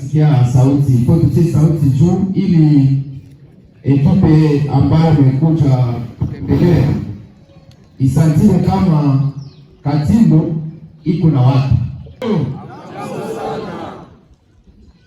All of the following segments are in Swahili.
Sikia sauti ko tutie sauti juu, ili ekipe ambayo imekuja kutembelea isantire kama katibu iko na watu.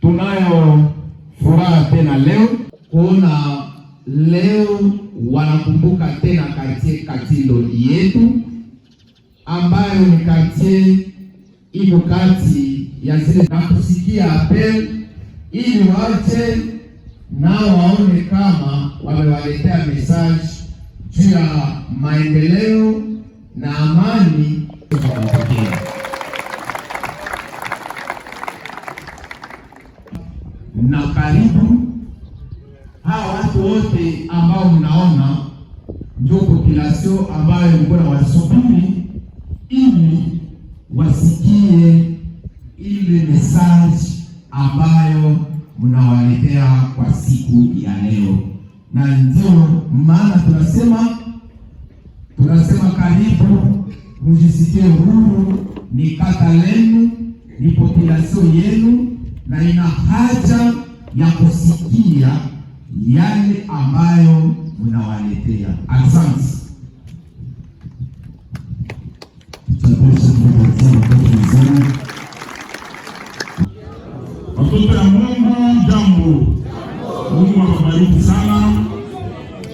Tunayo furaha tena leo kuona leo wanakumbuka tena katie Katindo yetu ambayo ni kartie iko kati ya na kusikia apel ili waache nao waone kama wamewaletea message juu ya maendeleo na amani Na karibu hawa watu wote ambao mnaona ndio population ambayo mko na wasubiri karibu, mujisikie huru. Ni kata lenu, ni populasio yenu, na ina haja ya kusikia yale ambayo mnawaletea. Asante. Watoto ya Mungu, jambo. Mungu awabariki sana.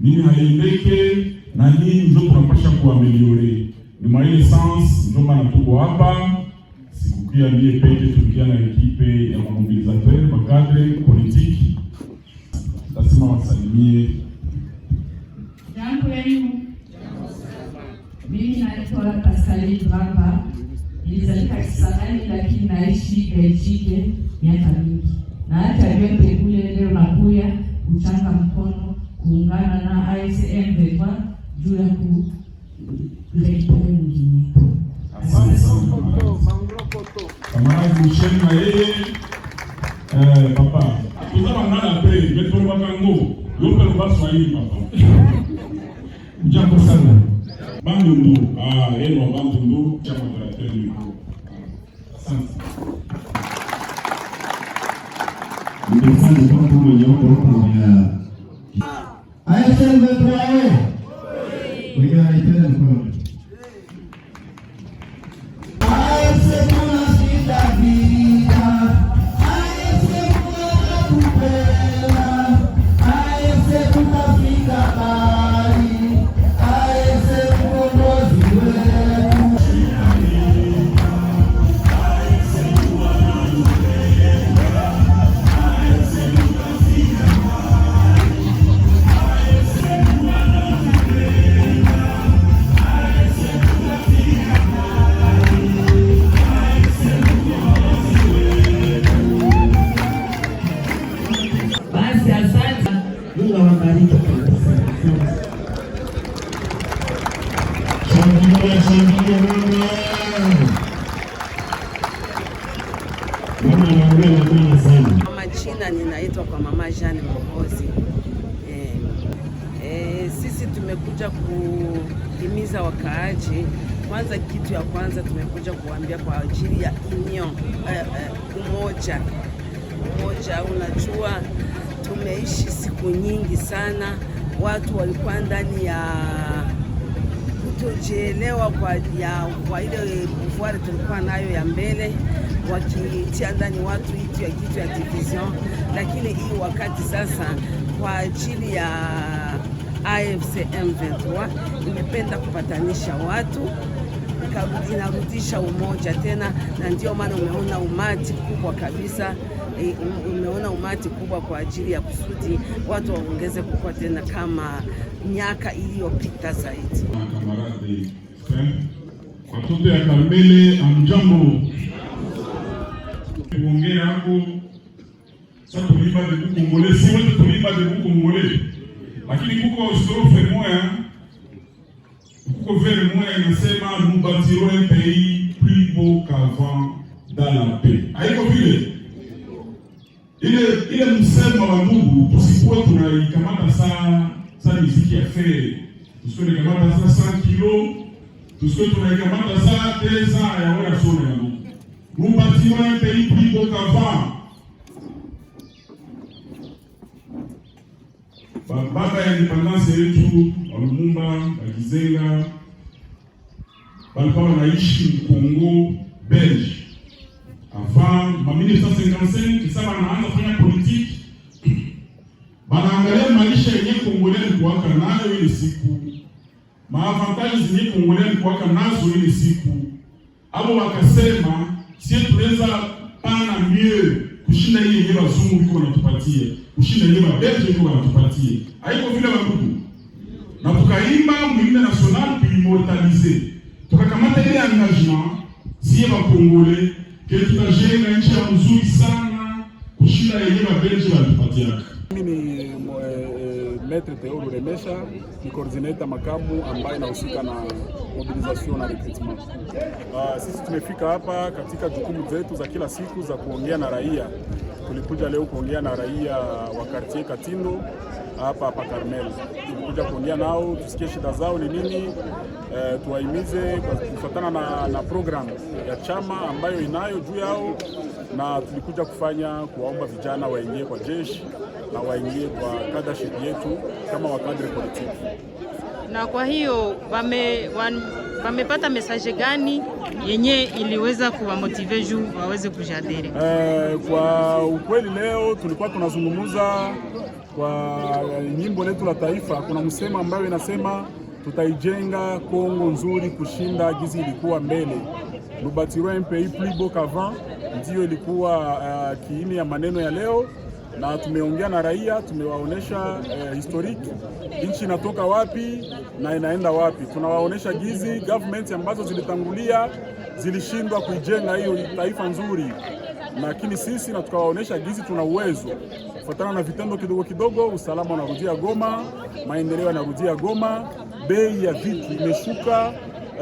nini haiendeke na nini njo tunapasha kuameliore. Nyuma ile sans njo maana tuko hapa sikukia ndiye peke tukia na ekipe ya mamobilizateur makadre politiki, lazima wasalimie. Jambo lenu, mimi naitwa Pascali Bramba, nilizalika Kisangani lakini naishi Belgique miaka mingi, na hata vyote kule leo nakuya kuchanga mkono kuungana na ICM VETA juu ya kuleta mwingine amaragurisheni na yeye papa tuzavanana pe vetorovakango yoperuva swahili papa mjambo sana bandundu yenu wa bandundu chama karateni asante ndio sana kwa mwenye Kwa majina ninaitwa kwa mama Jeanne Mwokozi. Eh, eh, sisi tumekuja kuhimiza wakaaji. Kwanza kitu ya kwanza tumekuja kuambia kwa ajili ya union, eh, eh, umoja umoja. Unajua tumeishi siku nyingi sana, watu walikuwa ndani ya kujielewa kwa, ya, kwa ile pouvoir tulikuwa nayo ya mbele, wakitia ndani watu itu ya kitu ya division, lakini hii wakati sasa kwa ajili ya AFC M23 imependa kupatanisha watu inarudisha umoja tena, na ndio maana umeona umati kubwa kabisa umeona umati kubwa kwa ajili ya kusudi watu waongeze kukua tena kama miaka iliyopita zaidi. Eh? Watoto ya amjambo. tulimba si wote tulimba lakini kuko strofe moya, kuko moya inasema nous bâtirons un pays plus beau qu'avant dans la paix. Haiko vile ile ile msemo wa Mungu tusikuwe tunaikamata saa saa miziki ya fere, tusikuwe tunaikamata saa saa kilo, tusikuwe tunaikamata saa pesa ya wala sona ya Mungu mubatiwa yake ipi iko kava baba ya independence yetu wa Walumumba Bakizenga walikuwa wanaishi Kongo Belge mafahamu maminista sengamseni kisema anaanza kufanya politiki, banaangalia maisha yenye kongoleni kuwaka nayo ili siku maavantaji zenye kongoleni kuwaka nazo ili siku abo wakasema sie tunaweza pana mie kushinda hii yenye wazungu iko wanatupatia kushinda yenye wabetu iko wanatupatia haiko vile wakutu, na tukaimba mwimbe national tuimmortalize, tukakamata ile engagement sie wakongole Ketutajenga nchi ya mzuri sana kushinda yenyewe wabenzi walipatiaka. Mimi ni eh, Maitre Theo Ruremesha ni coordinator makamu ambaye anahusika na mobilisation na recruitment. Uh, sisi tumefika hapa katika jukumu zetu za kila siku za kuongea na raia. Tulikuja leo kuongea na raia wa quartier Katindo hapa hapa Karmel. Tulikuja kuongea nao tusikie shida zao ni nini, e, tuwahimize kufuatana na, na programu ya chama ambayo inayo juu yao, na tulikuja kufanya kuwaomba vijana waingie kwa jeshi na waingie kwa cadreship yetu kama wakadre politiki. Na kwa hiyo wamepata wame mesaje gani yenye iliweza kuwamotive juu waweze kujadili? Eh, kwa ukweli leo tulikuwa tunazungumza kwa nyimbo letu la taifa, kuna msemo ambayo inasema tutaijenga Kongo nzuri kushinda gizi ilikuwa mbele, nous bâtirons un pays plus beau qu'avant. Ndiyo ilikuwa uh, kiini ya maneno ya leo, na tumeongea na raia, tumewaonesha uh, historiki nchi inatoka wapi na inaenda wapi. Tunawaonesha gizi government ambazo zilitangulia zilishindwa kuijenga hiyo taifa nzuri, lakini sisi na tukawaonesha gizi tuna uwezo kufuatana na vitendo kidogo kidogo, usalama unarudia Goma, maendeleo yanarudia Goma, bei ya vitu imeshuka.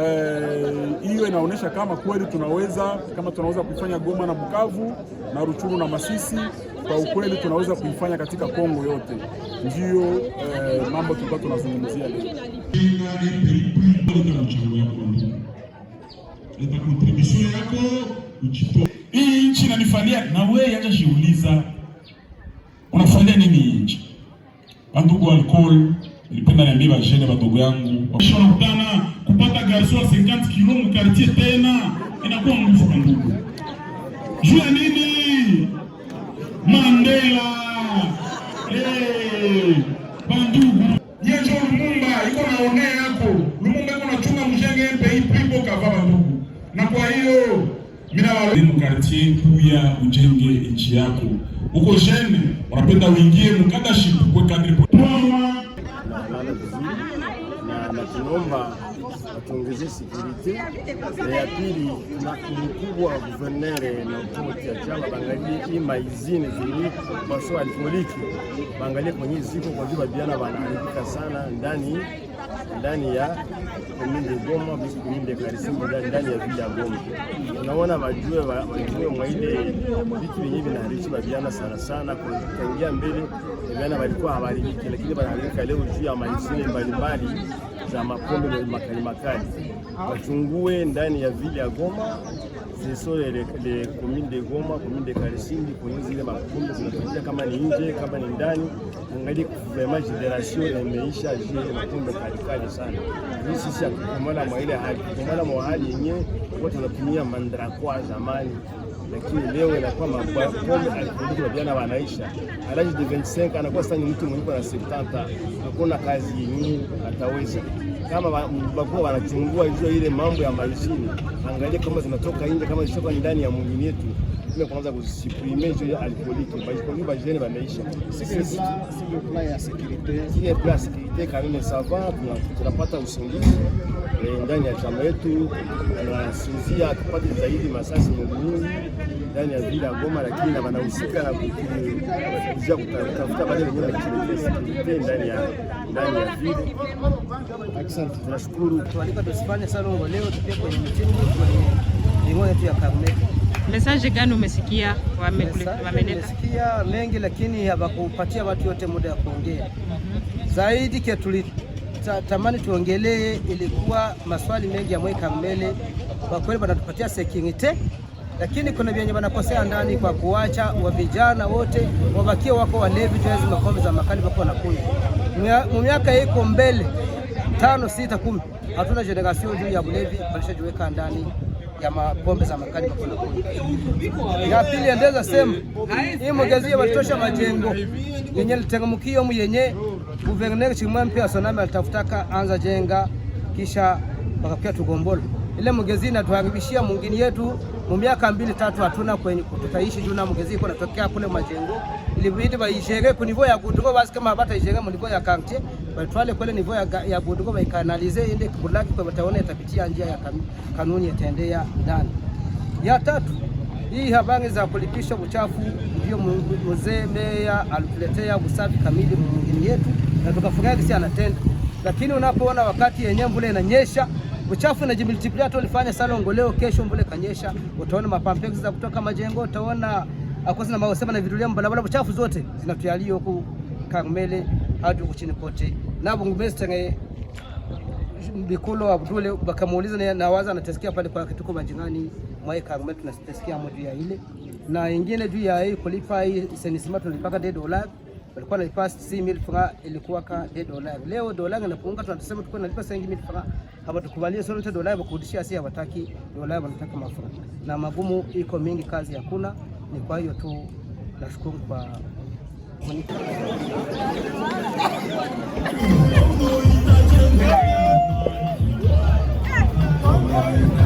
Eh, hiyo e, inaonyesha kama kweli tunaweza kama tunaweza kuifanya Goma na Bukavu na Ruchuru na Masisi, kwa ukweli tunaweza kuifanya katika Kongo yote. Ndiyo e, eh, mambo tulikuwa tunazungumzia leo. Hii nchi nanifanyia na wewe acha shiuliza unafanya nini nje? Bandugu alcool nilipenda niambie bajene badogo yangu wanakutana kupata garso ya 50 kilo mu quartier tena inakuwa ngumu kwa ndugu. Juu ya nini? Mandela. Eh, bandugu. Yejo Lumumba iko naonea yako. Lumumba iko nachunga mjenge MPI people kavaa ndugu. Na kwa hiyo Mina wale mkartie kuya ujenge nchi yako. Uko jeune, unapenda uingie mkada shipu kwa kadri. Mama na tunaomba watuongezee sekurite. Ya pili na mkubwa wa guvernere na ya chama bangalie imaizine zili maso alkoliki bangalie kwenye ziko kwa juu, vijana wanaharibika sana ndani ndani ya komine Goma biskomine Karisimbo ndani ya vila ya Goma, unaona wajue wajue mwaile vitu vyenyewe vinaharishi vijana sana sana. Kuingia mbele vijana walikuwa hawaharibiki, lakini wanaharibika leo juu ya maizine mbalimbali za mapombe makali makali, wachungue ndani ya vile ya Goma zeso le commune de Goma, commune de Kalisindi, kwenye zile mapombe zinatokea, kama ni nje, kama ni ndani, angalie vraiment generation imeisha je mapombe kalikali sana. Hii sisi maana mwa ile hali, maana mwa hali yenyewe, kwa tunatumia mandrakwa zamani lakini leo inakuwa Mapome alifunduka vijana wanaisha alaji de 25 anakuwa sasa ni mtu mwenye kwa sekta, hakuna kazi yenyewe ataweza kama bakuwa wanachungua hizo ile mambo ya malishini, angalia kama zinatoka nje, kama zishoka ndani ya mwili yetu ile kwanza kusiprime hizo alkoliki bajikoni bajeni wanaisha sisi sisi kwa ya securite sisi kwa ya securite kanuni sava tunapata usingizi Eh, ndani ya chama yetu tunasinzia tupate zaidi masasi mguuni ndani ya vile ya Goma, lakini na wanahusika na kuja kutafuta bale wenyewe wakichelekezikite ndani ya ndani ya vile. Tunashukuru tualika tusifanye sana ngo leo tupia kwenye mtindo kwenye ngome yetu ya Karmel. Message gani umesikia? Wamenisikia mengi, lakini hawakupatia watu yote muda ya kuongea mhm. zaidi kia ta, tamani tuongelee ilikuwa maswali mengi ya mweka mbele. Kwa kweli wanatupatia sekingite, lakini kuna vyenye wanakosea ndani kwa kuacha wa vijana wote wabakie wako walevi, tuwezi makombe za makali wako wanakunywa. Mu miaka iko mbele tano sita kumi hatuna generation juu ya bulevi walishajiweka ndani ya mapombe za makali makunakuni. Ya pili endeza sema hii mugezi walitosha majengo yenye litengamukio mu yenye guverneri chimwe mpya wasonami alitafutaka anza jenga kisha wakapia tugombolo ile mugezi inatuharibishia mungini yetu mu miaka mbili tatu hatuna kwenye tutaishi juu na mugezi iko natokea kule majengo ilibidi baijere kunivo ya kutoka basi kama hapata ishege munivo ya karte batwale kule nivo ya, ya budugo baikanalize inde kubulaki kwa bataona itapitia njia ya kanuni itaendea ndani ya tatu. Hii habari za kulipisha uchafu ndio mzee meya alituletea usafi kamili mwingine yetu na tukafurahi sisi anatenda, lakini unapoona wakati yenye mbule inanyesha uchafu na jimiltipulia hata ulifanya salongo leo, kesho mbule kanyesha, utaona mapampex za kutoka majengo, utaona akosi na maosema na vidulia mbalabala, uchafu zote zinatuyalia huku Karmele hadi huko chini kote nabo ngumesitenge bikulo Abdule bakamuuliza na waza anatesikia pale kwa kituko majingani mwaika ngume tunatesikia moja ya ile na ingine juu ya hii kulipa hii senisima tunalipaka de dola walikuwa nalipa mil francs ilikuwa ka de dola leo dola inapunga tunasema tulikuwa nalipa sengi mil francs hapo tukubalie sio tu dola bakurudishia si hawataki dola wanataka mafuta na magumu iko mingi kazi hakuna ni kwa hiyo tu nashukuru kwa Oh, my God.